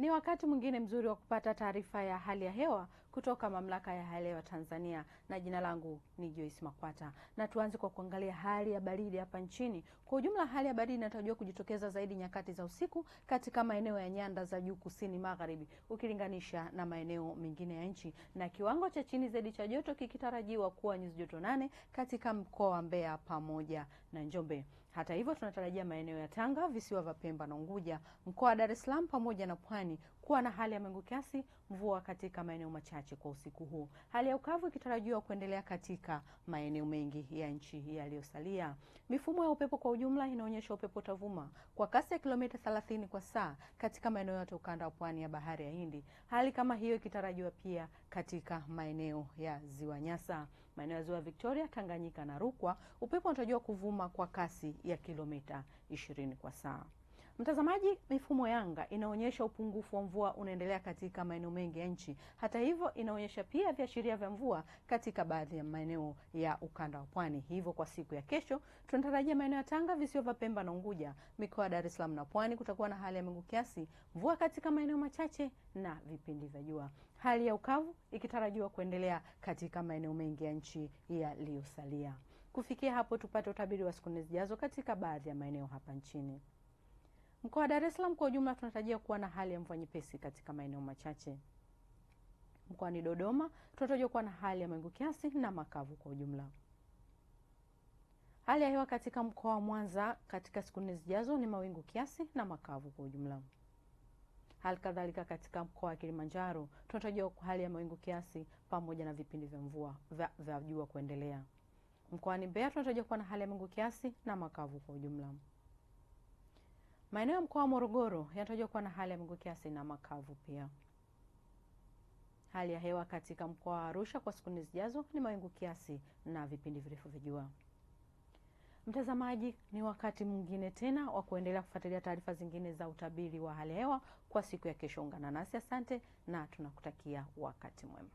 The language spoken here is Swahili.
Ni wakati mwingine mzuri wa kupata taarifa ya hali ya hewa kutoka mamlaka ya hali ya hewa Tanzania, na jina langu ni Joyce Makwata, na tuanze kwa kuangalia hali ya baridi hapa nchini kwa ujumla. Hali ya baridi inatarajiwa kujitokeza zaidi nyakati za usiku katika maeneo ya nyanda za juu kusini magharibi ukilinganisha na maeneo mengine ya nchi, na kiwango cha chini zaidi cha joto kikitarajiwa kuwa nyuzi joto nane katika mkoa wa Mbeya pamoja na Njombe. Hata hivyo, tunatarajia maeneo ya Tanga, visiwa vya Pemba na Unguja, mkoa wa Dar es Salaam pamoja na Pwani kuwa na hali ya mawingu kiasi, mvua katika maeneo machache chache kwa usiku huu. Hali ya ukavu ikitarajiwa kuendelea katika maeneo mengi ya nchi yaliyosalia. Mifumo ya upepo kwa ujumla inaonyesha upepo utavuma kwa kasi ya kilomita 30 kwa saa katika maeneo yote ukanda wa pwani ya bahari ya Hindi. Hali kama hiyo ikitarajiwa pia katika maeneo ya Ziwa Nyasa, maeneo ya Ziwa Victoria, Tanganyika na Rukwa, upepo unatarajiwa kuvuma kwa kasi ya kilomita 20 kwa saa. Mtazamaji, mifumo yanga inaonyesha upungufu wa mvua unaendelea katika maeneo mengi ya nchi. Hata hivyo, inaonyesha pia viashiria vya mvua katika baadhi ya maeneo ya ukanda wa pwani. Hivyo kwa siku ya kesho tunatarajia maeneo ya Tanga, visiwa vya Pemba na Unguja, mikoa ya Dar es Salaam na Pwani kutakuwa na hali ya mawingu kiasi, mvua katika maeneo machache na vipindi vya jua. Hali ya ukavu ikitarajiwa kuendelea katika maeneo mengi ya nchi yaliyosalia. Kufikia hapo, tupate utabiri wa siku nne zijazo katika baadhi ya maeneo hapa nchini. Mkoa wa Dar es Salaam kwa ujumla tunatarajia kuwa na hali ya mvua nyepesi katika maeneo machache. Mkoani Dodoma tunatarajia kuwa na hali ya mawingu kiasi na makavu kwa ujumla. Hali ya hewa katika mkoa wa Mwanza katika siku nne zijazo ni mawingu kiasi na makavu kwa ujumla. Hali kadhalika katika mkoa wa Kilimanjaro tunatarajia hali ya mawingu kiasi pamoja na vipindi vya mvua vya, vya jua kuendelea. Mkoani Mbeya tunatarajia kuwa na hali ya mawingu kiasi na makavu kwa ujumla. Maeneo ya mkoa wa Morogoro yanatajwa kuwa na hali ya mawingu kiasi na makavu pia. Hali ya hewa katika mkoa wa Arusha kwa siku nne zijazo ni mawingu kiasi na vipindi virefu vya jua. Mtazamaji, ni wakati mwingine tena wa kuendelea kufuatilia taarifa zingine za utabiri wa hali ya hewa kwa siku ya kesho. Ungana nasi, asante na tunakutakia wakati mwema.